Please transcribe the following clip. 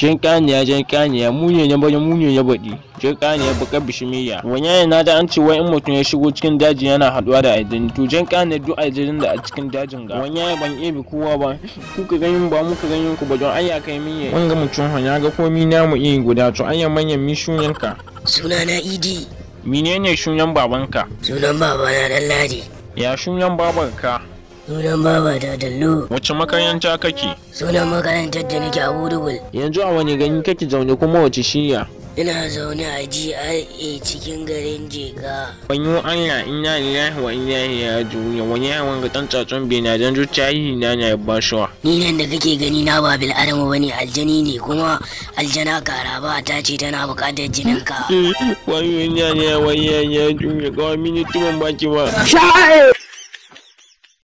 jin kaniya jin kaniya munye ne bane munye ne badi jin kaniya bakar bishimiya wanya na da an ce wai in mutum ya shigo cikin daji yana haduwa da aljani to jin kaniya duk aljanin da a cikin dajin ga wanya ban ebe kowa ba kuka ganin ba muka ganin ku ba don ayya kai minye wanga mutum hanya ga komi na mu iya guda to ayya manyan Suna sunana idi menene shunyan babanka sunan babana dan ladi ya shunyan babanka Sunan babata Dallo. Wacce makaranta kake? Sunan makarantar da nake a Wudugul. Yanzu a wani gani kake zaune kuma wace shiya? Ina zaune a GRA cikin garin Jega. Wanyo Allah ina lillahi wa inna ilaihi raji'un. Wani yawan ga dan tsatson bena dan zuciya na na yabba shawa. Ni nan da kake gani na ba bil adamu bane aljani ne kuma aljana ba ta ce tana buƙatar jininka. Wanyo Allah ne wa inna ilaihi raji'un. Ga mini tuban baki ba. Sha'i